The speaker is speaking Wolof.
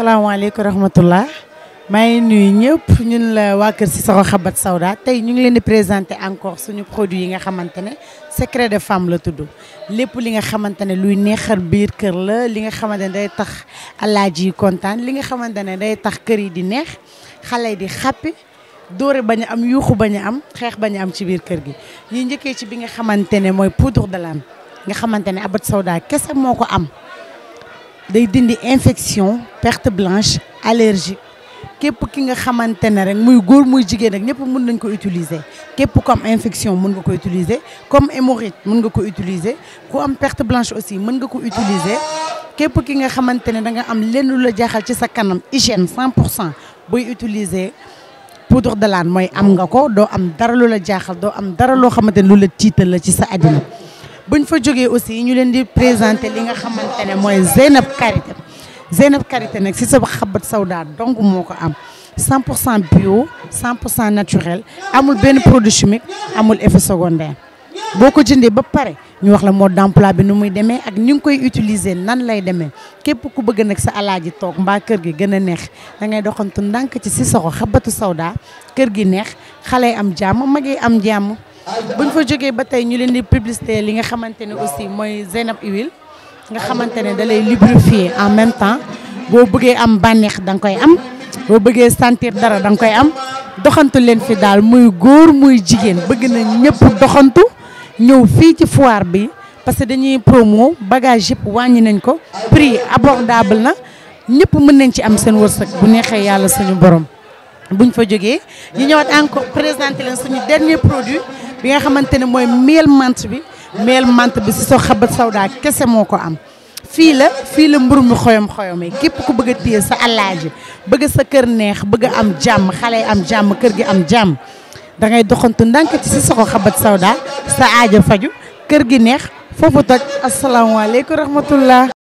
salaamaaleykum rahmatullah maa ngi nuyu ñëpp ñun la waa kër Sissoko Habbatu sawda tey ñu ngi leen di présenter encore suñu produit yi nga xamante ne secret de femme la tudd lépp li nga xamante ne luy neexal biir kër la li nga xamante ne day tax alaaji yi kontaan li nga xamante ne day tax kër yi di neex xale yi di xàppi doore bañ a am yuuxu bañ a am xeex bañ a am ci biir kër gi ñuy njëkkee ci bi nga xamante ne mooy poudre de l'âme nga xamante ne Habbatu Sauda kese moo ko am day dindi infection perte blanche allergie képp ki nga xamante ne rek muy goor muy jigéen rek ñëpp mën nañ ko utiliser képp ku am infection mën nga ko utiliser comme hémorroïde mën nga ko utiliser ku am perte blanche aussi mën nga ko utiliser képp ki nga xamante ne da nga am lenn lu la jaxal ci sa kanam hygiène 100 pour cent utiliser poudre de l'âne moy am nga ko do am dara lu la jaxal do am dara lo xamante lu la tital la ci sa adina buñ fa jógee aussi ñu leen di présenter li nga xamante ne mooy Zeynab Karité Zeynab Karité nag si sa xabat sawda donc moo ko am 100 cent bio 100 cent naturel amul benn produit chimique amul effet secondaire boo ko jëndee ba pare ñu wax la moo d'emploi bi nu muy demee ak ni nga koy utiliser nan lay demee képp ku bëgg nag sa alaaji toog mbaa kër gi gën a neex da ngay doxantu ndànk ci si Sissoko xabatu sawda kër gi neex xale am jàmm mag am jàmm buñ fa jógee ba tey ñu leen di publicité li nga xamante ne aussi mooy Zeynab huile nga xamante ne da lay lubrifier en même temps boo bëggee am bànneex da nga koy am boo bëggee sentir dara danga koy am doxantu leen fi daal muy góor muy jigéen bëgg nañ ñëpp doxantu ñëw fii ci foire bi parce que dañuy promo bagage yëpp wàññi nañ ko prix abordable na ñëpp mën nañ ci am seen wërsëg bu neexee yàlla suñu borom buñ fa jógee ñu ñëwaat encore présenté leen suñu bi nga xamante ne mooy meel mante bi meel mante bi si soo xabat sawda kese moo ko am fii la fii la mburu mi xoyom xoyomee képp ku bëgg a téye sa alaaji bëgg sa kër neex bëgg am jàmm xale yi am jàmm kër gi am jàmm da ngay doxantu ndànk ci si soxo xabat sawda sa aaja faju kër gi neex foofu toj asalaamaaleykum rahmatullah